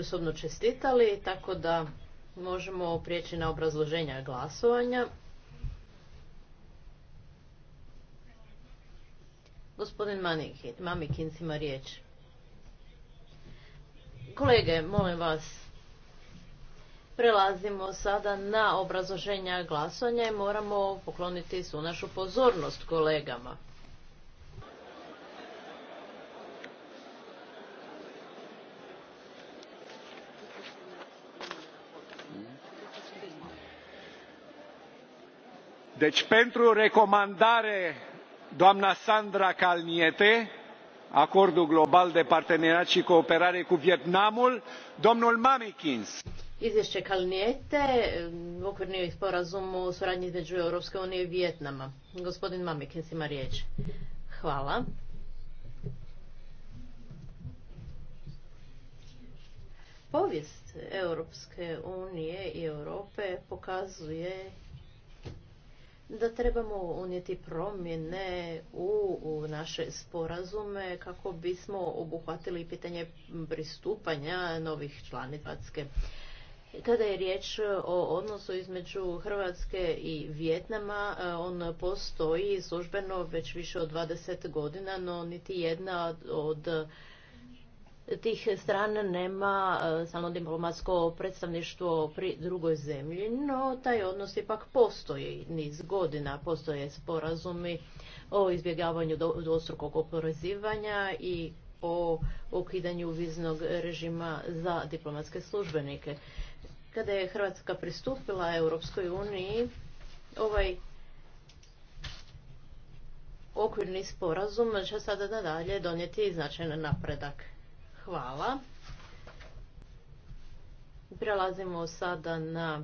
osobno čestitali, tako da možemo prijeći na obrazloženja glasovanja. Gospodin Mamikins ima riječ. Kolege, molim vas, prelazimo sada na obrazloženja glasovanja i moramo pokloniti su našu pozornost kolegama. deci pentru recomandare doamna sandra kalniete acordul global de parteneriat și cooperare cu vietnamul domnul mamikins izvješće Kalnijete, okvirni sporazum o suradnji između Europske unije i Vijetnama. Gospodin Mamikins ima riječ. Hvala. Povijest Europske unije i Europe pokazuje da trebamo unijeti promjene u, naše sporazume kako bismo obuhvatili pitanje pristupanja novih članica Kada je riječ o odnosu između Hrvatske i Vjetnama, on postoji službeno već više od 20 godina, no niti jedna od tih strana nema e, samo diplomatsko predstavništvo pri drugoj zemlji, no taj odnos ipak postoji niz godina, postoje sporazumi o izbjegavanju dvostrukog oporezivanja i o ukidanju viznog režima za diplomatske službenike. Kada je Hrvatska pristupila Europskoj uniji, ovaj okvirni sporazum će sada nadalje donijeti značajan napredak. Hvala. Prelazimo sada na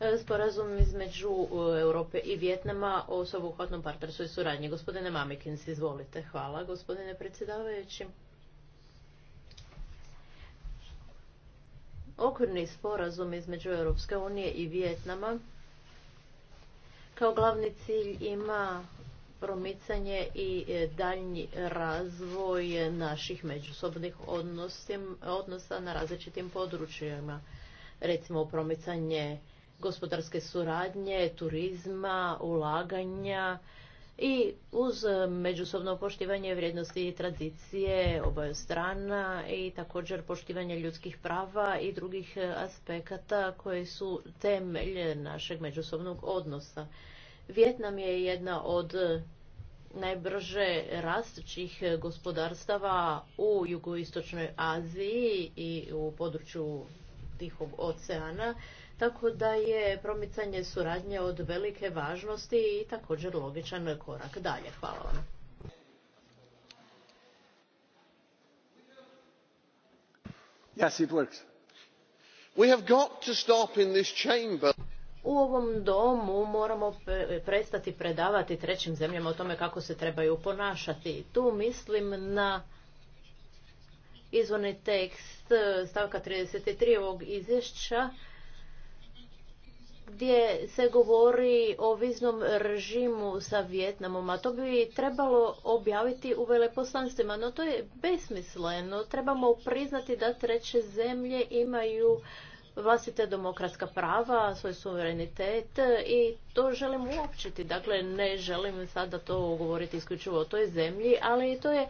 e, sporazum između e, Europe i Vjetnama o sveobuhvatnom partnerstvu i suradnji. Gospodine Mamikins, izvolite. Hvala, gospodine predsjedavajući. Okvirni sporazum između Europske unije i Vjetnama kao glavni cilj ima promicanje i e, daljnji razvoj naših međusobnih odnosa na različitim područjima. Recimo promicanje gospodarske suradnje, turizma, ulaganja i uz međusobno poštivanje vrijednosti i tradicije obaju strana i također poštivanje ljudskih prava i drugih e, aspekata koji su temelje našeg međusobnog odnosa. Vjetnam je jedna od najbrže rastućih gospodarstava u jugoistočnoj Aziji i u području Tihog oceana, tako da je promicanje suradnje od velike važnosti i također logičan korak dalje. Hvala vam. Yes, it works. We have got to stop in this chamber u ovom domu moramo prestati predavati trećim zemljama o tome kako se trebaju ponašati. Tu mislim na izvorni tekst stavka 33 ovog izvješća gdje se govori o viznom režimu sa Vjetnamom, a to bi trebalo objaviti u veleposlanstvima, no to je besmisleno. Trebamo priznati da treće zemlje imaju vlastite demokratska prava, svoj suverenitet e, i to želim uopćiti. Dakle, ne želim sada to govoriti isključivo o toj zemlji, ali to je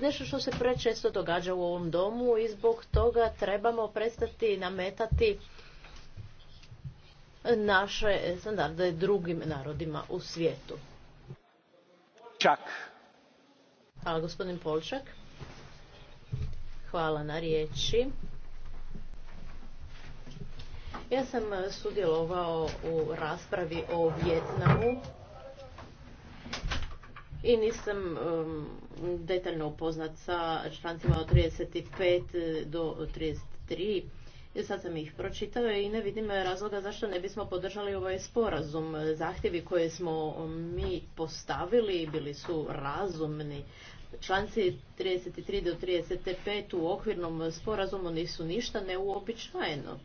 nešto što se prečesto događa u ovom domu i zbog toga trebamo prestati nametati naše standarde drugim narodima u svijetu. Čak. Hvala gospodin Polčak. Hvala na riječi. Ja sam e, sudjelovao u raspravi o Vjetnamu i nisam detaljno upoznat sa člancima od 35 do 33. E, sad sam ih pročitao i ne vidim razloga zašto ne bismo podržali ovaj sporazum. Zahtjevi koje smo mi postavili bili su razumni. Članci 33 do 35 u okvirnom sporazumu nisu ništa neuobičajeno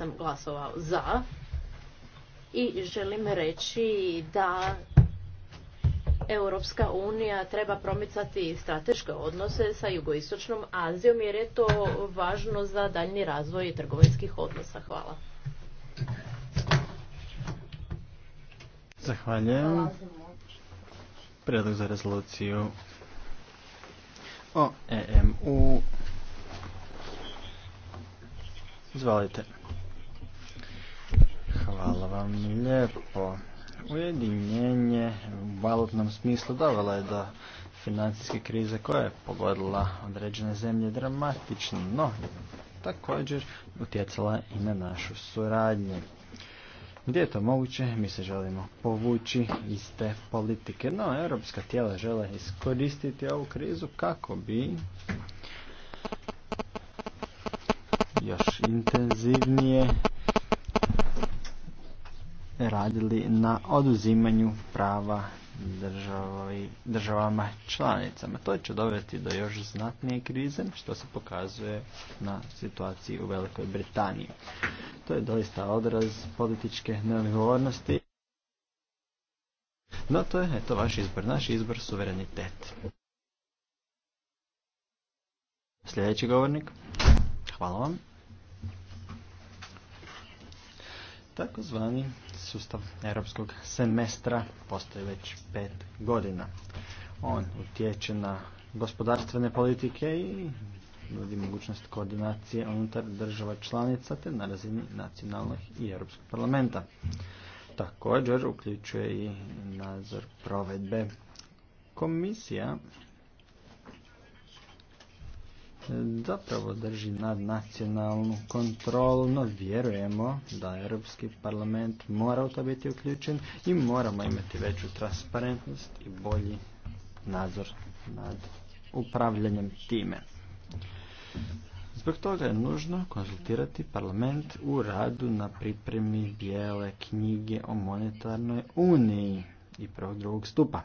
sam glasovao za i želim reći da Europska unija treba promicati strateške odnose sa jugoistočnom Azijom jer je to važno za daljni razvoj trgovinskih odnosa. Hvala. Zahvaljujem. Predlog za rezoluciju o EMU. Hvala vam lijepo. Ujedinjenje u valutnom smislu dovela je do financijske krize koja je pogodila određene zemlje dramatično, no također utjecala i na našu suradnju. Gdje je to moguće, mi se želimo povući iz te politike, no europska tijela žele iskoristiti ovu krizu kako bi još intenzivnije radili na oduzimanju prava državi, državama članicama. To će dovesti do još znatnije krize, što se pokazuje na situaciji u Velikoj Britaniji. To je doista odraz političke neodgovornosti. No to je, eto, vaš izbor, naš izbor, suverenitet. Sljedeći govornik. Hvala vam. Takozvani sustav europskog semestra postoji već pet godina. On utječe na gospodarstvene politike i nudi mogućnost koordinacije unutar država članica te na razini nacionalnih i europskog parlamenta. Također uključuje i nadzor provedbe. Komisija zapravo drži nad nacionalnu kontrolu, no vjerujemo da Europski parlament mora u to biti uključen i moramo imati veću transparentnost i bolji nadzor nad upravljanjem time. Zbog toga je nužno konzultirati parlament u radu na pripremi bijele knjige o monetarnoj uniji i prvog drugog stupa.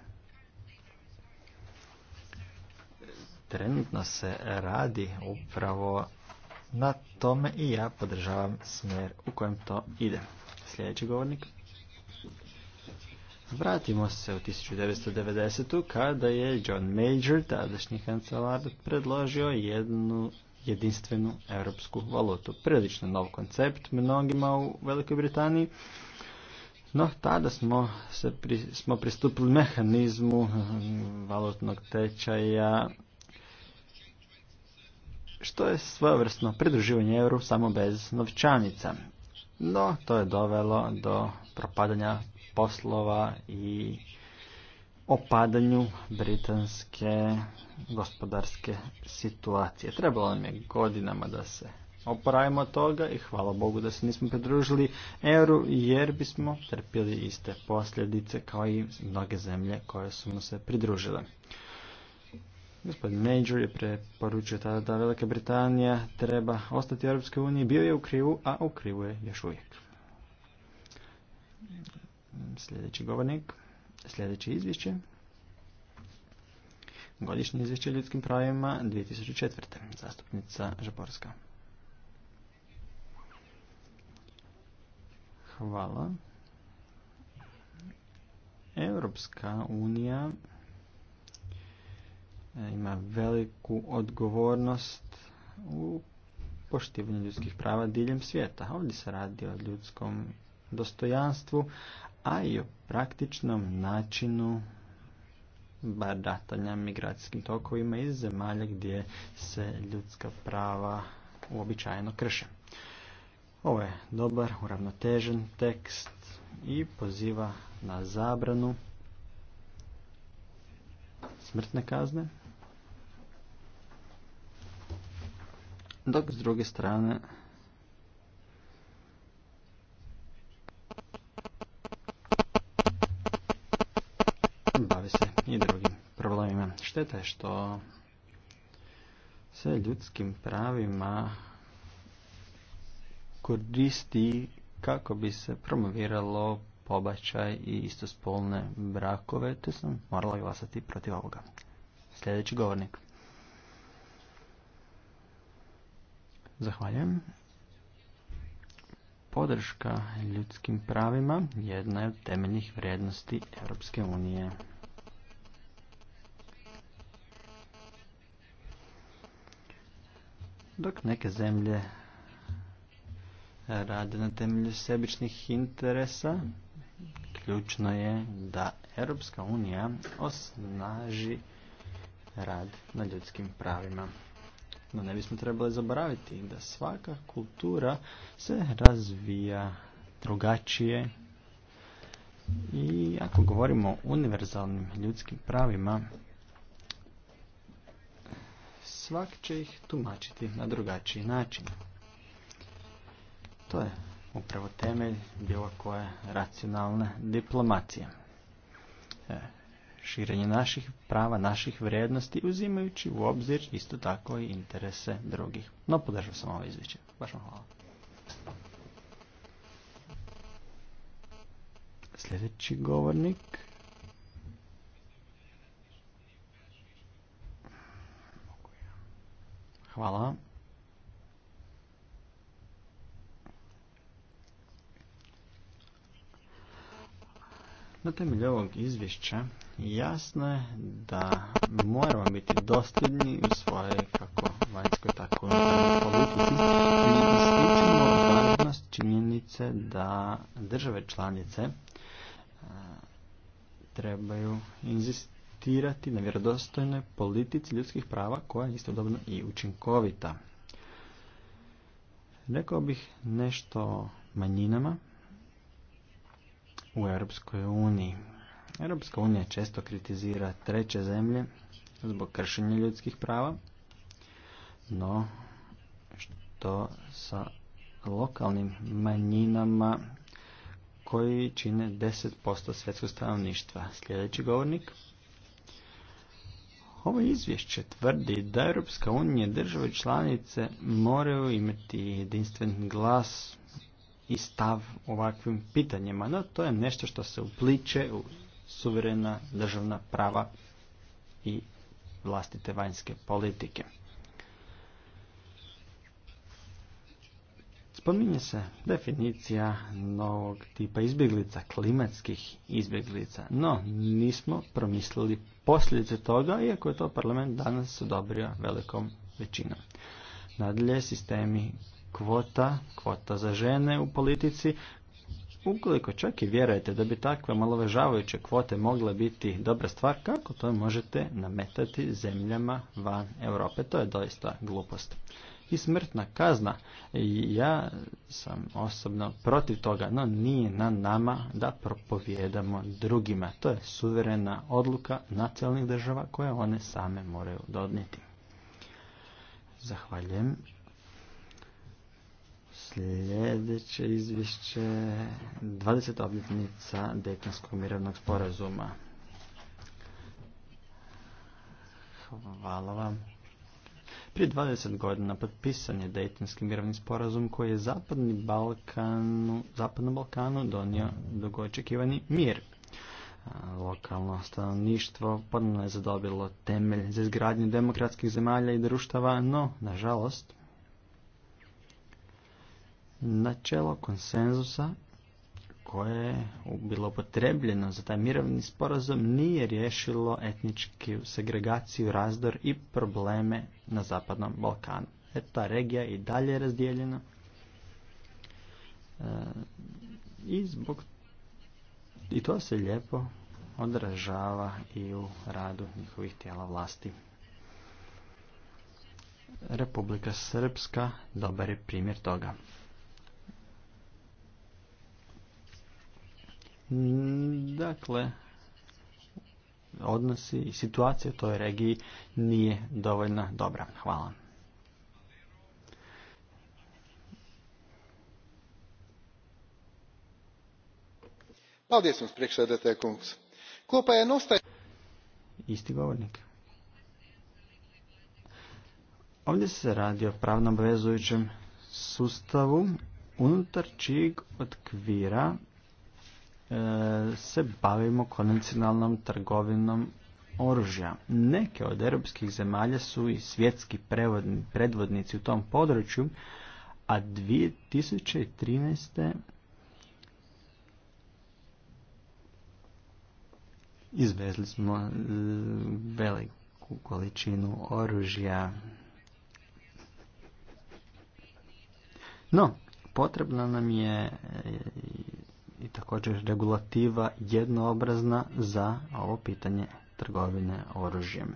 trenutno se radi upravo na tome i ja podržavam smjer u kojem to ide. Sljedeći govornik. Vratimo se u 1990. kada je John Major, tadašnji kancelar, predložio jednu jedinstvenu europsku valutu. Prilično nov koncept mnogima u Velikoj Britaniji, no tada smo, se smo pristupili mehanizmu valutnog tečaja što je svojevrsno pridruživanje euru samo bez novčanica. No, to je dovelo do propadanja poslova i opadanju britanske gospodarske situacije. Trebalo nam je godinama da se oporavimo od toga i hvala Bogu da se nismo pridružili euru jer bismo trpili iste posljedice kao i mnoge zemlje koje su mu se pridružile. Gospodin Major je preporučio tada da Velika Britanija treba ostati u Europskoj uniji. Bio je u krivu, a u krivu je još uvijek. Sljedeći govornik, sljedeće izvješće. Godišnje izvješće o ljudskim pravima 2004. Zastupnica Žaborska. Hvala. Europska unija E, ima veliku odgovornost u poštivanju ljudskih prava diljem svijeta. Ovdje se radi o ljudskom dostojanstvu, a i o praktičnom načinu datanja migracijskim tokovima iz zemalja gdje se ljudska prava uobičajeno krše. Ovo je dobar, uravnotežen tekst i poziva na zabranu smrtne kazne, dok s druge strane bavi se i drugim problemima. Šteta je što se ljudskim pravima koristi kako bi se promoviralo pobačaj i istospolne brakove, te sam morala glasati protiv ovoga. Sljedeći govornik. Zahvaljujem. Podrška ljudskim pravima jedna je od temeljnih vrijednosti Europske unije. Dok neke zemlje rade na temelju sebičnih interesa, ključno je da Europska unija osnaži rad na ljudskim pravima. No ne bismo trebali zaboraviti da svaka kultura se razvija drugačije i ako govorimo o univerzalnim ljudskim pravima, svak će ih tumačiti na drugačiji način. To je upravo temelj bilo koje racionalne diplomacije. E, širenje naših prava, naših vrijednosti, uzimajući u obzir isto tako i interese drugih. No, podržao sam ovo izvješće. Baš vam hvala. Sljedeći govornik. Hvala. Na temelju ovog izvješća jasno je da moramo biti dosljedni u svojoj kako vanjskoj tako politici i ističemo važnost činjenice da države članice trebaju inzistirati na vjerodostojnoj politici ljudskih prava koja je istodobno i učinkovita. Rekao bih nešto manjinama u Europskoj uniji. Europska unija često kritizira treće zemlje zbog kršenja ljudskih prava, no što sa lokalnim manjinama koji čine 10% svjetskog stanovništva. Sljedeći govornik. Ovo izvješće tvrdi da Europska unija države članice moraju imati jedinstven glas i stav ovakvim pitanjima, no to je nešto što se upliče u suverena državna prava i vlastite vanjske politike. Spominje se definicija novog tipa izbjeglica, klimatskih izbjeglica, no nismo promislili posljedice toga, iako je to parlament danas odobrio velikom većinom. Nadalje, sistemi kvota, kvota za žene u politici ukoliko čak i vjerujete da bi takve malovežavajuće kvote mogle biti dobra stvar, kako to možete nametati zemljama van Europe? To je doista glupost. I smrtna kazna, ja sam osobno protiv toga, no nije na nama da propovjedamo drugima. To je suverena odluka nacionalnih država koje one same moraju donijeti. Zahvaljujem. Sljedeće izvješće 20. objetnica Dejtonskog mirovnog sporazuma. Hvala vam. Prije 20 godina potpisan je Dejtonski mirovni sporazum koji je Zapadni Balkanu, Zapadnom Balkanu donio dugo očekivani mir. Lokalno stanovništvo ponovno je zadobilo temelj za izgradnju demokratskih zemalja i društava, no, nažalost, načelo konsenzusa koje je bilo potrebljeno za taj mirovni sporazum nije riješilo etničku segregaciju, razdor i probleme na Zapadnom Balkanu. E, ta regija i dalje je razdijeljena e, i zbog i to se lijepo odražava i u radu njihovih tijela vlasti. Republika Srpska dobar je primjer toga. Mm, dakle, odnosi i situacija u toj regiji nije dovoljno dobra. Hvala. je Isti govornik. Ovdje se radi o pravno obvezujućem sustavu unutar čijeg otkvira E, se bavimo konvencionalnom trgovinom oružja. Neke od europskih zemalja su i svjetski predvodnici u tom području, a 2013. izvezli smo e, veliku količinu oružja. No, potrebna nam je e, također regulativa jednoobrazna za ovo pitanje trgovine oružjem.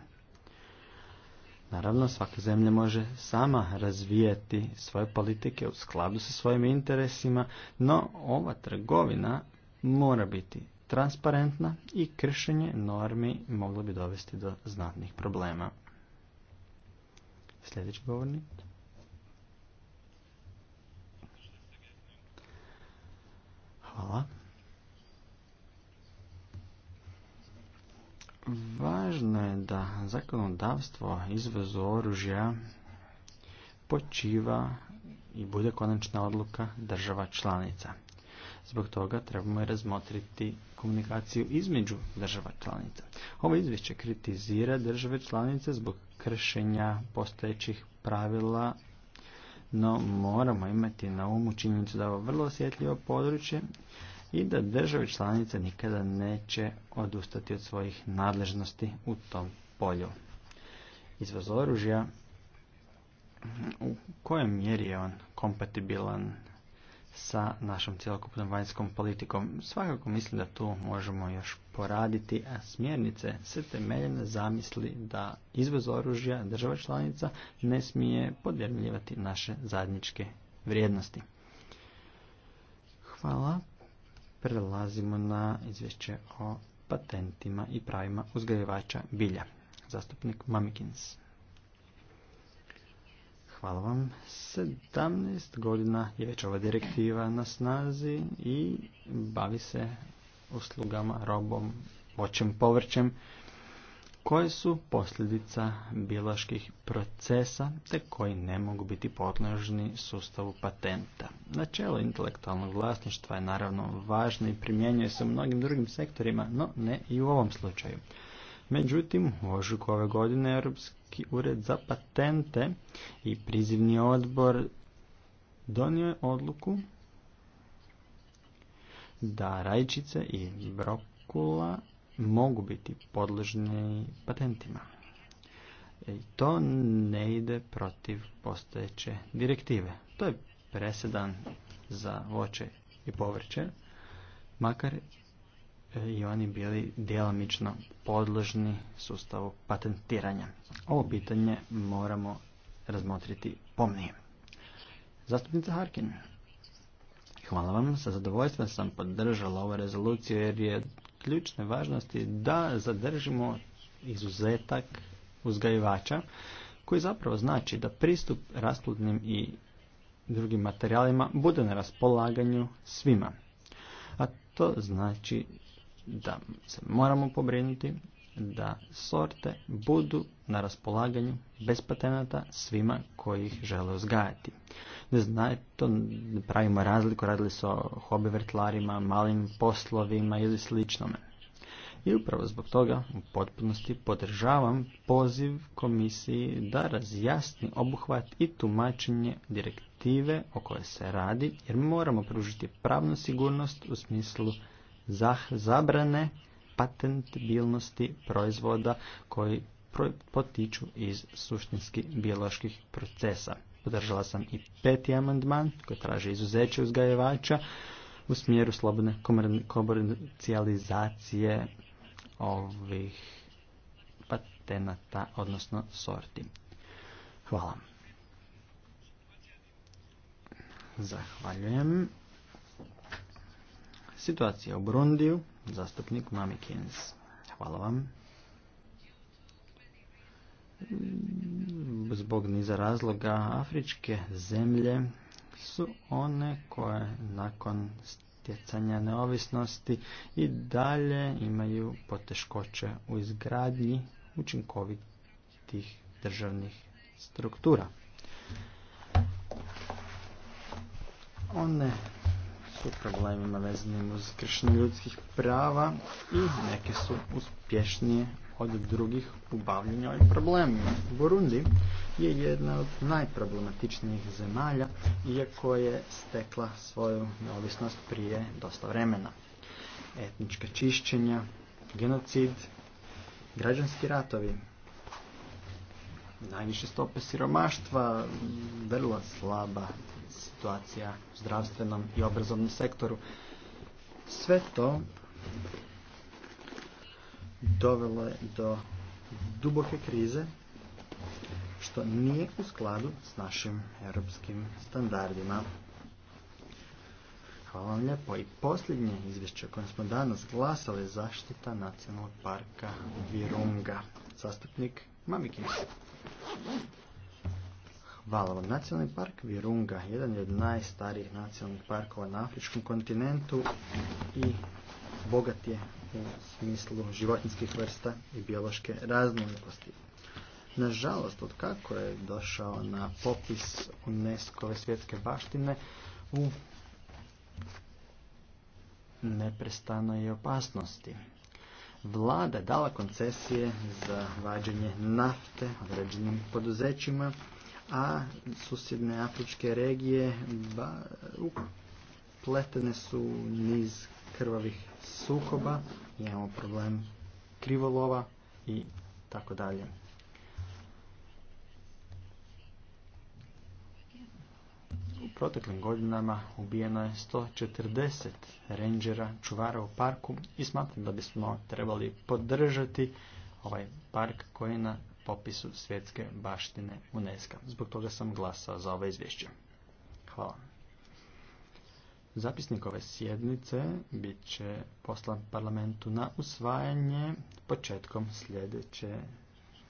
Naravno, svaka zemlja može sama razvijati svoje politike u skladu sa svojim interesima, no ova trgovina mora biti transparentna i kršenje normi moglo bi dovesti do znatnih problema. Sljedeći govornik. Hvala. Važno je da zakonodavstvo izvozu oružja počiva i bude konačna odluka država članica. Zbog toga trebamo razmotriti komunikaciju između država članica. Ovo izvješće kritizira države članice zbog kršenja postojećih pravila no moramo imati na umu činjenicu da je ovo vrlo osjetljivo područje i da države članice nikada neće odustati od svojih nadležnosti u tom polju. Izvoz oružja, u kojoj mjeri je on kompatibilan sa našom cjelokupnom vanjskom politikom. Svakako mislim da tu možemo još poraditi, a smjernice se temeljene na zamisli da izvoz oružja država članica ne smije podvjermljivati naše zajedničke vrijednosti. Hvala. Prelazimo na izvješće o patentima i pravima uzgajivača bilja. Zastupnik Mamikins. Hvala vam. 17 godina je već ova direktiva na snazi i bavi se uslugama, robom, voćem, povrćem koje su posljedica bioloških procesa te koji ne mogu biti podložni sustavu patenta. Načelo intelektualnog vlasništva je naravno važno i primjenjuje se u mnogim drugim sektorima, no ne i u ovom slučaju. Međutim, u ožuku ove godine Europski ured za patente i prizivni odbor donio je odluku da rajčice i brokula mogu biti podložni patentima. I to ne ide protiv postojeće direktive. To je presedan za voće i povrće, makar i oni bili djelomično podložni sustavu patentiranja. Ovo pitanje moramo razmotriti pomnije. Zastupnica Harkin. Hvala vam, sa zadovoljstvom sam podržala ovu rezoluciju jer je ključne važnosti da zadržimo izuzetak uzgajivača koji zapravo znači da pristup rasplodnim i drugim materijalima bude na raspolaganju svima. A to znači da se moramo pobrinuti da sorte budu na raspolaganju bez patenata svima koji ih žele uzgajati. Ne znaju to, pravimo razliku, radili su o hobi vrtlarima, malim poslovima ili sličnome. I upravo zbog toga u potpunosti podržavam poziv komisiji da razjasni obuhvat i tumačenje direktive o kojoj se radi, jer moramo pružiti pravnu sigurnost u smislu za zabrane patentibilnosti proizvoda koji potiču iz suštinskih bioloških procesa. Podržala sam i peti amandman koji traži izuzeće uzgajivača u smjeru slobodne komercijalizacije ovih patenata, odnosno sorti. Hvala. Zahvaljujem. Situacija u Brundiju, zastupnik Mamikins. Hvala vam. Zbog niza razloga afričke zemlje su one koje nakon stjecanja neovisnosti i dalje imaju poteškoće u izgradnji učinkovitih državnih struktura. One su problemima vezanim uz kršenje ljudskih prava i neke su uspješnije od drugih u bavljenju ovim problemima. Burundi je jedna od najproblematičnijih zemalja, iako je stekla svoju neovisnost prije dosta vremena. Etnička čišćenja, genocid, građanski ratovi, najviše stope siromaštva, vrlo slaba situacija u zdravstvenom i obrazovnom sektoru. Sve to dovelo je do duboke krize što nije u skladu s našim europskim standardima. Hvala vam lijepo. I posljednje izvješće koje smo danas glasali zaštita nacionalnog parka Virunga. Zastupnik Mamikins. Valovo, nacionalni park Virunga, jedan je od najstarijih nacionalnih parkova na afričkom kontinentu i bogat je u smislu životinskih vrsta i biološke raznolikosti. Nažalost, od kako je došao na popis unesco svjetske baštine, u neprestanoj opasnosti. Vlada je dala koncesije za vađenje nafte određenim poduzećima, a susjedne afričke regije ba, upletene su niz krvavih sukoba, imamo problem krivolova i tako dalje. U proteklim godinama ubijeno je 140 rangera čuvara u parku i smatram da bismo trebali podržati ovaj park koji na ...opisu svjetske baštine UNESCO. Zbog toga sam glasao za ovo izvješće. Hvala. Zapisnik ove sjednice bit će poslan parlamentu na usvajanje početkom sljedeće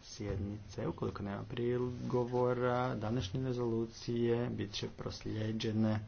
sjednice. Ukoliko nema prigovora, današnje rezolucije bit će prosljeđene